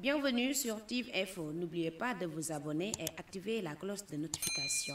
Bienvenue sur TIV N'oubliez pas de vous abonner et activer la cloche de notification.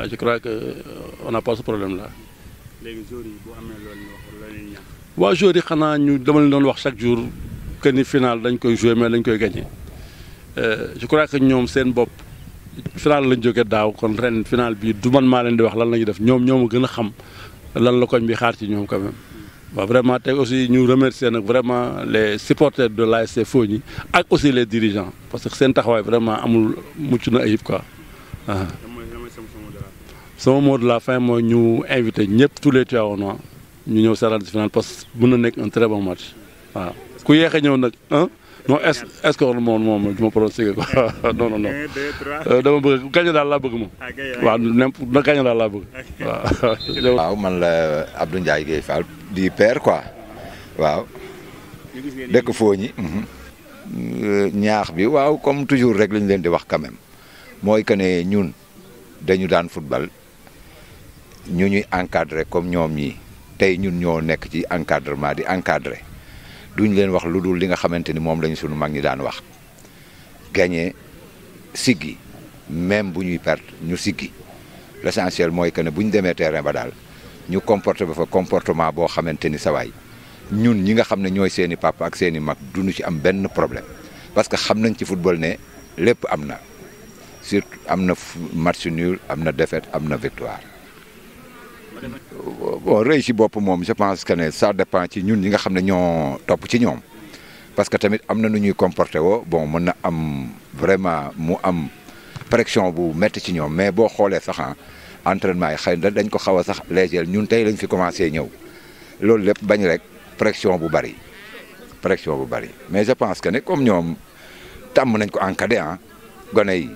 waaw ah, je crois que euh, on problème là. léegi jours yi bu amee loolu yi xanaa ñu dama doon wax chaque jour que ni final dañ koy joué mais dañ koy gagné euh, je crois que ñoom seen bopp final lañ jóge daaw kon ren final bi du man maa leen di wax lan la ñuy def ñoom ñoom a gën a xam lan la koñ bi xaar ci ñoom quand waa waaw vraiment tey aussi ñu remercier nag vraiment les supporters de la l'ASC Fogny ak aussi les dirigeants parce que seen taxawaay vraiment amul mucc na ayib quoi. Ah. So mot de la fin nous nous tous les au ñu nous à final parce que nous un très bon match hein? est-ce ku y a un non est ce que monde, Vous quoi non non non euh, dama bëgg gagner la bëgg ah, la bëgg man la Abdou Ndiaye père quoi mhm. euh, ñaax bi comme toujours rek ñu di wax quand même moy que né ñun football. ñu ñuy encadré comme ñoom ñii tey ñun ñoo nekk ci encadrement di encadré duñ leen wax lu dul li nga xamante ni moom lañu sunu mag ñi daan wax gagné siggi même bu ñuy perte ñu siggi l'essentiel mooy que ne bu ñu demee terrain ba daal ñu comporté ba fa comportement boo xamante ni sawaay ñun ñi nga xam ne ñooy seen i papa ak seeni i mag duñu ci am benn problème parce que xam nañ ci football ne lépp am na surtout am na match nul am na défaite am na victoire bon rëy ci bopp moom je pense que ne ça dépend ci ñun ñi nga xam ne ñoo topp ci ñoom parce que tamit am na nu ñuy comporté woo bon mën na am vraiment mu am pression bu métti ci ñoom mais boo xoolee sax ah, entraînement yi xay na dañ ko xaw a sax léger ñun tey lañ fi commencé ñëw loolu lépp bañ rek pression bu bari pression bu bari mais je pense que ne comme ñoom tàmm nañ ko encadré ah gone yi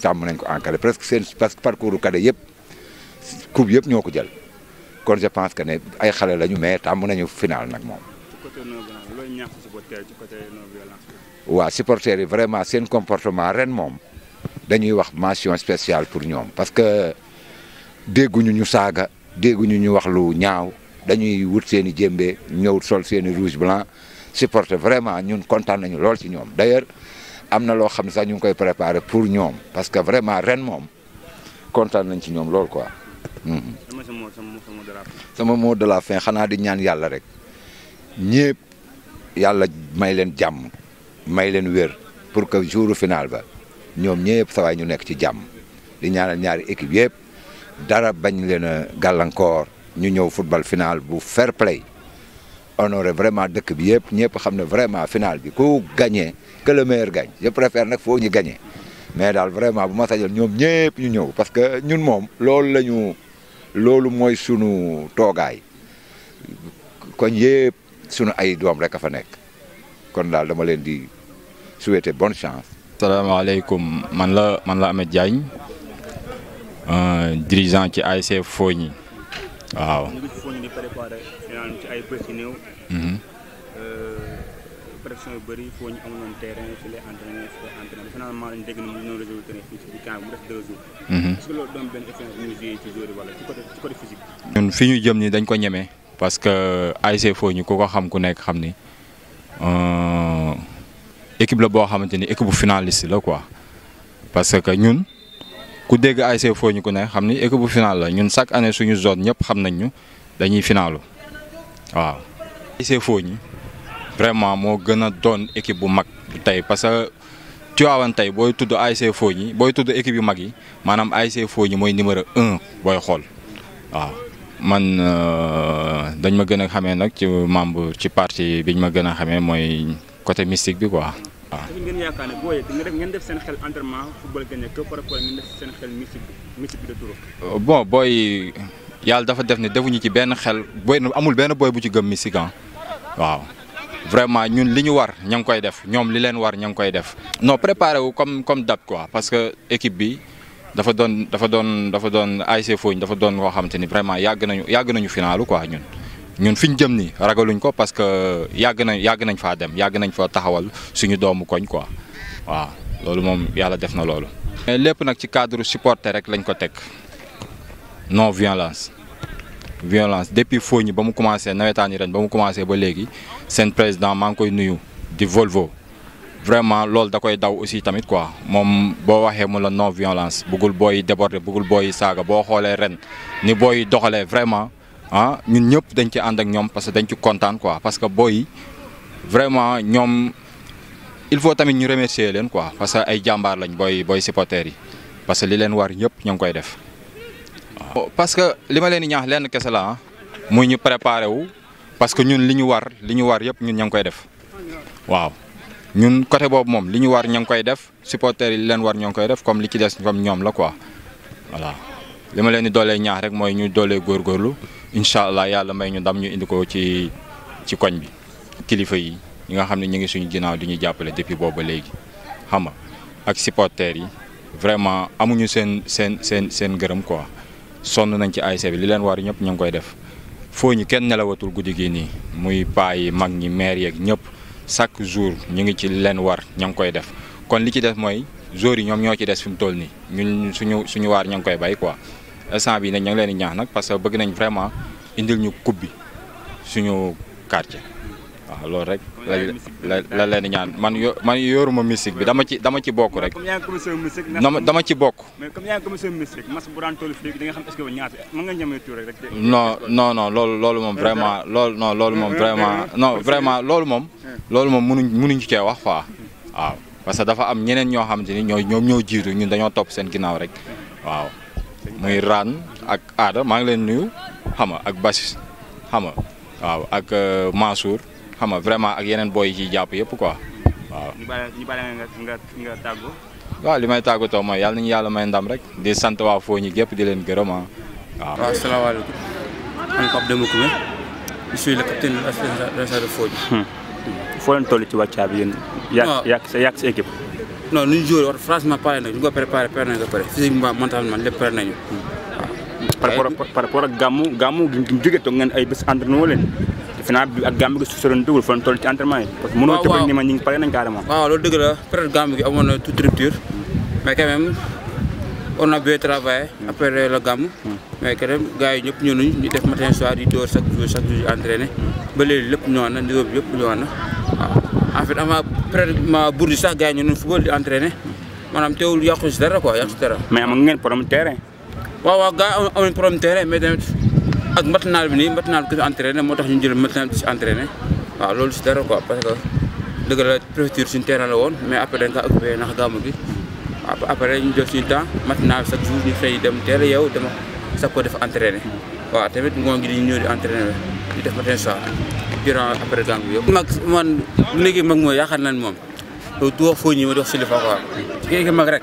tàmm nañ ko encadré presque seen parce que parcours cadet yëpp coupe yëpp ñoo ko jël. kon je pense que ne ay xale lañu mais tàmm nañu finaal nag moom. waaw supporters yi vraiment seen comportement ren moom dañuy wax mention spéciale pour ñoom parce que dégguñu ñu saaga déguñu ñu wax lu ñaaw dañuy wut seen i jëmbe ñëw sol seen i rouge blanc supporter vraiment ñun kontaan nañu lool ci ñoom d'ailleurs am na loo xam ne sax ñu ngi koy préparer pour ñoom parce que vraiment ren moom kontaan nañ ci ñoom lool quoi. Mhm. sama mot de la fin xanaa di ñaan yàlla rek ñëpp yàlla may leen jàmm may leen wér pour que jour final ba ñoom ñëpp sawaay ñu nekk ci jàmm di ñaanal ñaari équipe yëpp dara bañ leen a gàllankoor ñu ñëw football final bu fair play honoré vraiment dëkk bi yëpp ñëpp xam ne vraiment final bi ku gagné que le meilleur gagne je préfère nag foo ñu gagné mais daal vraiment bu ma ñoom ñëpp ñu ñëw parce que ñun moom loolu la loolu mooy sunu toogaay koñ yëpp sunu ay doom rekk a fa nekk kon daal dama leen di souhaiter bonne chance. salaamaaleykum man la man la Ameth Diagne euh, dirigeant ci ASC Fogny ay bés yu néew. Mhm. Euh, pression bëri foo ñu amoon terrain fi mhm. ñu joué ci fi ñu jëm ni dañ ko ñemee parce que ASC foo ñu ko ko xam ku nekk xam ni euh, équipe la boo xamante ni équipe bu finaliste la quoi parce que ñun ku dégg ASC foo ñu ku nekk xam ni équipe bu final la ñun chaque année suñu zone ñëpp xam nañ dañuy finalu waaw. ASC foo ñu vraiment moo gën a doon équipe bu mag tey parce que Tivaouane tey booy tudd ASC Fogny booy tudd équipe yu mag yi maanaam ASC Fogny mooy numéro un booy xool waaw. man euh, dañ ma gën a xamee nag ci membre ci parti ñu ma gën a xamee mooy côté mystique bi quoi. waaw te ngeen yaakaar booy def ngeen def seen xel entraînement yàlla dafa def ne defuñu ci benn xel booy amul benn booy bu ci gëm mystique ah. waaw. vraiment ñun liñu war ñang koy def ñom li leen war ñang koy def non préparé wu comme comme date quoi parce que équipe bi dafa don dafa don dafa doon ASC Foñ dafa don koo xamanteni vraiment yag nañu yag nañu finalu quoi ñun ñun fiñ jëm ni ragaluñ ko parce que yag nañ yag nañ fa dem yag nañ fa taxawal suñu doomu koñ quoi wa lolu mom yalla def na lolu lepp nak ci cadre supporter rek lañ ko tek non violence. violence depuis foo ñi ba mu commencé nawetaan yi ren ba mu commencé ba léegi seen président maa ngi koy nuyu di Volvo vraiment loolu da koy daw aussi tamit quoi moom boo waxee mu la non violence bëggul booy déborder bëggul booy saaga boo xoolee ren ni booy doxalee vraiment ah ñun ñëpp dañ ci ànd ak ñoom parce que dañ ci kontaan quoi parce que booy vraiment ñoom il faut tamit ñu remercier leen quoi parce que ay jàmbaar lañ booy booy supporters yi parce que li leen war yëpp ñoo ngi koy def. parce que lima leni leen ñaax lenn kessa la ah muy ñu préparer wu parce que ñun liñu war liñu war yépp ñun ñang koy def waaw ñun côté bobu mom liñu war ñang koy def supporter yi leen war ñang koy def comme li ci dess comme ñom la quoi voilà lima leni dolé ñaax rek moy ñu dolé gor gorlu inshallah yalla may ñu dam ñu indi ko ci ci koñ bi kilifa yi yi nga xamni ne ngi suñu ginaaw di ñu jàppale depuis bobu légui xam nga ak supporter yi vraiment amuñu sen sen sen sen gërëm quoi sonn nañ ci ASC e bi li leen war ñëpp ñu ngi koy def foo ñi kenn nelawatul guddi gii nii muy paa yi mag ñi maire yeeg ñëpp chaque jour ñu ngi ci leen war ña ngi koy def kon li ci des mooy jour yi ñoom ñoo ci des fi mu toll nii ñun suñu suñu waar ña ngi koy bay quoi instant bii nag ñu ngi leen di ñaax nag parce que bëgg nañ vraiment indil ñu coupe bi suñu quartier. waaw rek la la leen ñaan man yo man yoruma musique bi dama ci dama ci bokku rek. comme yaa ngi commission musique. dama ci bokku mais comme yaa ngi commission musique mas bu daan tolu fi da nga xam est-ce que ñaata mën nga ñame tour rek. non non non lool lool mom vraiment lool non lool mom vraiment non vraiment lool mom lool mom mënuñ mënuñ ci ci wax quoi waaw parce que dafa am ñeneen ñoo xam ni ñoo ñoom ñoo jiitu ñun dañoo top seen ginnaaw rek waaw muy ran ak ada ma ngi leen nuyu xama ak bassis xama nga waaw ak euh, Mansour. xam nga vraiment ak yeneen booy yi ciy jàpp yëpp quoi waaw. ñu bàyyi ñu bàyyi nga nga tàggu. waaw li may tàggatoo mooy yàlla nañu yàlla may ndam rek di sant waa Fogny gépp di leen gërëm ah waaw. waaw salaamaaleykum man Pape Demba Koumé je suis le capitaine hmm. ci wàccaa bi yéen. waaw yàq sa yàq sa équipe. nu ñu joué woon pare nañu ñu ko préparé pare nañu ko pare physiquement mentalement lépp pare nañu. Hmm. par rapport par rapport ak gàmmu gàmmu gi jóge toog ngeen ay bés entraînement leen. final bi ak Gambie gi soriwul dugul fan toll ci entraînement yi. parce que ni ma ñu ngi pare nañ carrément. waaw loolu la peut-être Gambie gi amoon na toute rupture mais quand même a bien travaillé après la gamme hmm. mais quand même di door chaque jour chaque beli entraîné hmm. ba na niveau bi yëpp ñëwaat na di entraîné maanaam teewul yàqu si dara quoi yàqu si dara. mais am ngeen problème terrain. waaw waaw gars terrain ak matinal bi ni matinal ko entraîner motax ñu jël matinal ci entraîner wa lolu ci dara quoi parce que deug la préfecture suñu terrain la won mais après dañ ko occuper nak gàmmu bi après ñu jël suñu temps matinal chaque jour ñu fay dem terre yow dama sa ko def entraîner wa tamit ngoon gi di ñëw di entraîner di def matin soir durant après gàmmu gi mak man léegi mak mo yaakaar naa mom do du fo ñi ma di wax si li fa quoi kii mag rek.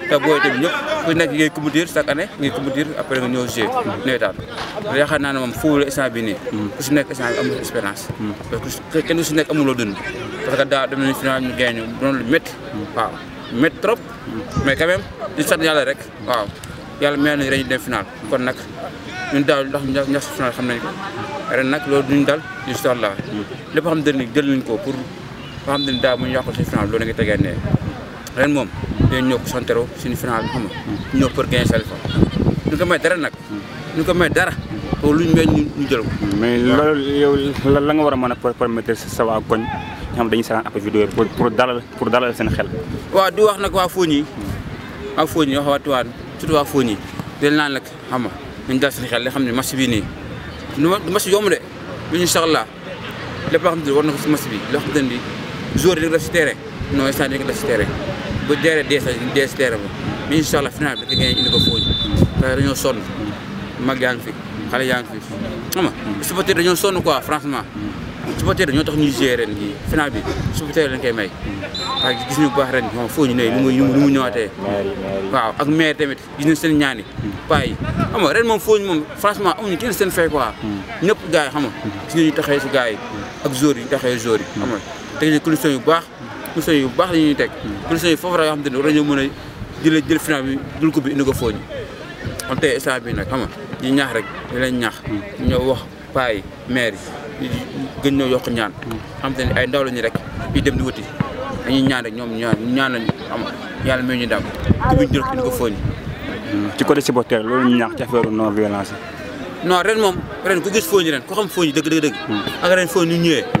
te booy tamit ñëpp ku nekk ngay compétir chaque année ngay compétir après nga ñëw jouer nawetaan yaakaar naa ne moom foofu la instant bi nii ku si nekk instant bi amul expérience parce kenn ku si nekk amuloo dund parce que daaw dem nañu final ñu gagné ñu doon mais quand même di sant rek waaw yàlla mel na ren dem final kon nag ñun daaw ndax ñu ñax si final xam nañ nag loolu duñu dal incha allah lépp xam ne jël nañ ko pour ba xam ne daaw bu ñu yàqul si final loolu nga tegee ne ren moom yooyu ñoo ko santero suñu final bi xam nga ñoo pour gagner seen fois ñu ko may dara nag ñu ko may dara pour luñ may ñu jël ko mais la nga war a mën a permettre sa waa koñ nga xam dañuy seetaan après vidéo pour pour dalal pour dalal seen xel waa di wax nag waa Fogni waa Fogni wax waa Tivaouane surtout waa Fogni del naan nag xam nga nañ dal seen xel li xam ne match bii nii du match yomb de lu ñu soxla lépp loo xam ne war na ko si match bi loo xam ne bi joueur yi def si terrain non instant dañ ko bu jaree dees dees teere ba mais incha allah final bi dafa gagné indi ko fooñi parce que dañoo sonn mag yaa ngi fi xale yaa ngi fi xam nga supporter dañoo sonn quoi franchement supporter dañoo tax ñuy gérer ren jii final bi supporter lañ koy may parce que gis bu baax ren moom fooñu ne lu muy lu mu ñëwaatee waaw ak maire tamit gis nañ seen ñaani paa yi xam ren moom fooñu moom franchement amuñu kenn seen fay quoi ñëpp gars yi xam nga gis nañu taxawee si gars ak joueurs yi taxawee joueurs yi ñu condition yu poussin yu baax la ñuy teg. yi foofu la yoo xamante ni war nañoo mën a jëlee jël bi dul ko bi indi ko fooñu. kon tey instant bii nag rek di leen ñaax. ñoo wax paa yi maire yi gën ñoo yokk ñaan. xam te ne ay ndaw rek di dem di wuti ñaan rek ñoom ñaan ñaan lañu xam yàlla may ñu dam ku bi jël ko indi ko fooñu. Hmm, ci côté loolu ñu ñaax ci affaire non violence non ren moom ren ku gis fooñu ren ku xam fooñu dëgg dëgg dëgg. ren fooñu ñu ñëwee.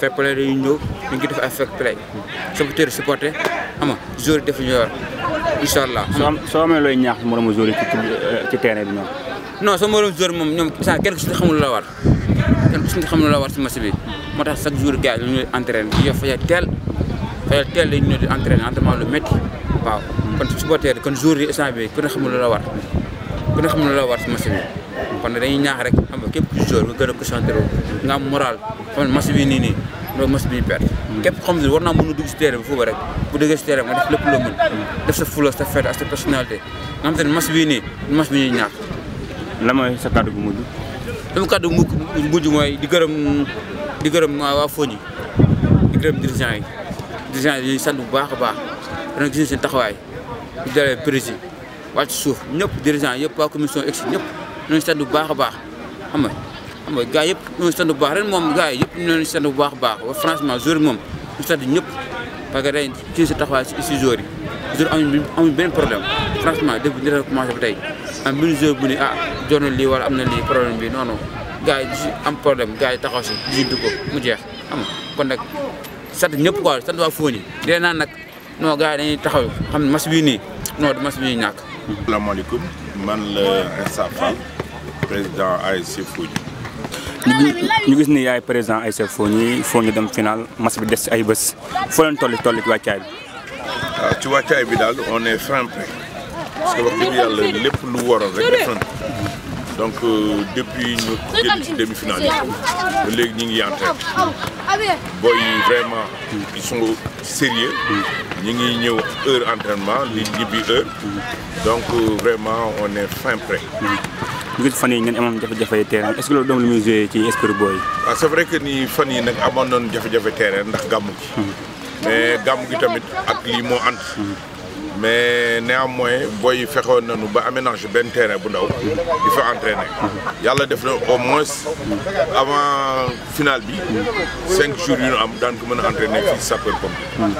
fair play dañuy ñëw ñu ngi def ay fair play sama tër supporté xam nga joueur def ñu yor incha soo amee looy ñaax moromu joueur yi ci ci terrain bi ñoom. non sama moromu joueur moom ñoom saa kenn ku si xamul la war kenn ku si xamul la war si match bi moo tax chaque jour gars yi ñu ngi entraîné di yor fayal teel fayal teel la ñu ñëw di kon supporter yi instant bi ku ne la war ku ne xamul la war si match bi kon dañuy ñaax rek xam nga képp ku joueur nga gën a concentré nga am kon match bi nii nii loolu match bi ñu perte hmm. képp xam ne war naa mën a dugg si terrain bi foofu rek bu degee si terrain nga def lépp loo mën def sa fula sa fête ak sa personnalité nga xam te ne match bii nii match bi ñuy ñàkk la mooy sa kàddu bu mujj sama kàddu bu mujj mooy di gërëm di gërëm waa Fogny di gërëm dirigeant yi dirigeant yi ñuy sant bu baax a baax dana gis seen taxawaay di dalee prési wàcc suuf ñëpp dirigeant yëpp waa commission ñëpp nañu sant bu baax a baax xam mooy gars yëpp ñu baax ren moom gars yi yëpp ñu leen sant bu baax baax wa franchement jour moom ñu sant ñëpp parce que day ci sa taxawaay si jour yi jour amuñ amuñ benn problème franchement depuis ñu commencé ba tey am benn jour bu ne ah jox na lii wala am na lii problème bi noonu non gars yi am problème gars yi taxaw si jiitu ko mu jeex xam kon nag sant ñëpp quoi sant waa Foni dee naan nag non gars yi dañuy taxaw xam ne mas bii nii non du mas bii ñàkk. asalaamaaleykum man la Insa Fall président ASC ñu gis ni yaay président Aïssa foo ñi foo ñu dem final match bi des ci ay bés foo leen toll toll ci wàccaay bi. waaw ah, ci wàccaay bi daal on est frappé parce que wax dëgg yàlla lépp lu waroon rek def nañ donc euh, depuis notre demi finale yi ba léegi ñu ngi en tête vraiment ils sont sérieux ñu ngi ñëw heure entraînement li ñibbi heure donc euh, vraiment on est fin prêt. ngir fan yi ngeen amoon jafe-jafe terrain est-ce que loolu doom ci esprit booy waaw ah, c'est vrai que nii fan yi nag amoon noonu jafe-jafe terrain ndax gàmmu gi hmm. mais gàmmu gi tamit ak lii moo ànd hmm. mais néanmoins booy yi fexoon nañu ba aménagé benn terrain bu ndaw di fa entraîner yàlla def na au moins avant finale bi cinq jours yu ñu am daan ko mën a entraîner fii sapeur pompier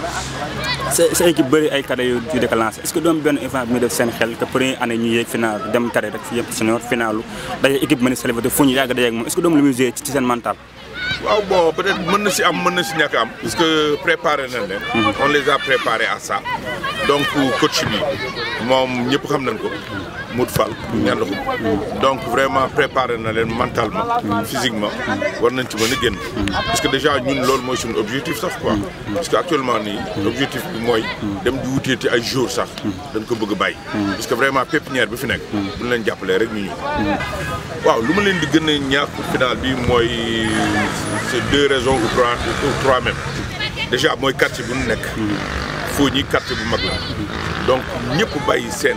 sa sa équipe ay cadets yu di déclenché est-ce doom benn événement bi muy def seen xel que première année ñu yeeg final dem cadets rek fi yëpp senior finalu daje équipe mën a célébré ñu yàgg dajeeg moom est-ce doom lu muy ci seen mental waaw bon peut-être mën na si am mën na si ñàkk am. parce que préparé nañ leen. Mhm. on les a à ça. donc coach bi moom ñëpp xam nañ ko. Modou donc vraiment préparer na mentalement physiquement war nañ ci mën parce que déjà ñun loolu mooy suñu objectif sax quoi parce que actuellement nii objectif bi mooy dem di wuteeti ay jours sax dañ ko bëgg parce que vraiment pépinière bi fi nekk pour les leen jàppalee rek ñu ñu waaw lu di a ñaax pour bi c'est deux raisons ou trois ou trois même déjà moi quartier bu ñu nekk foo ñi quartier bu mag la donc ñëpp bàyyi seen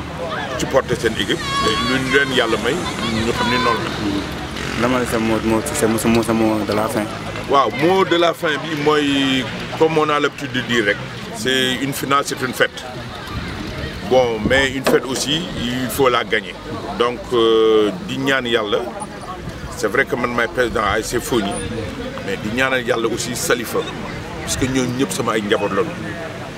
supporter cette équipe Nous la. mot de la fin. mot de la fin comme on a l'habitude de dire c'est une finale c'est une fête bon mais une fête aussi il faut la gagner donc euh, c'est vrai que je suis président mais di aussi Salifa parce que nous sommes tous les de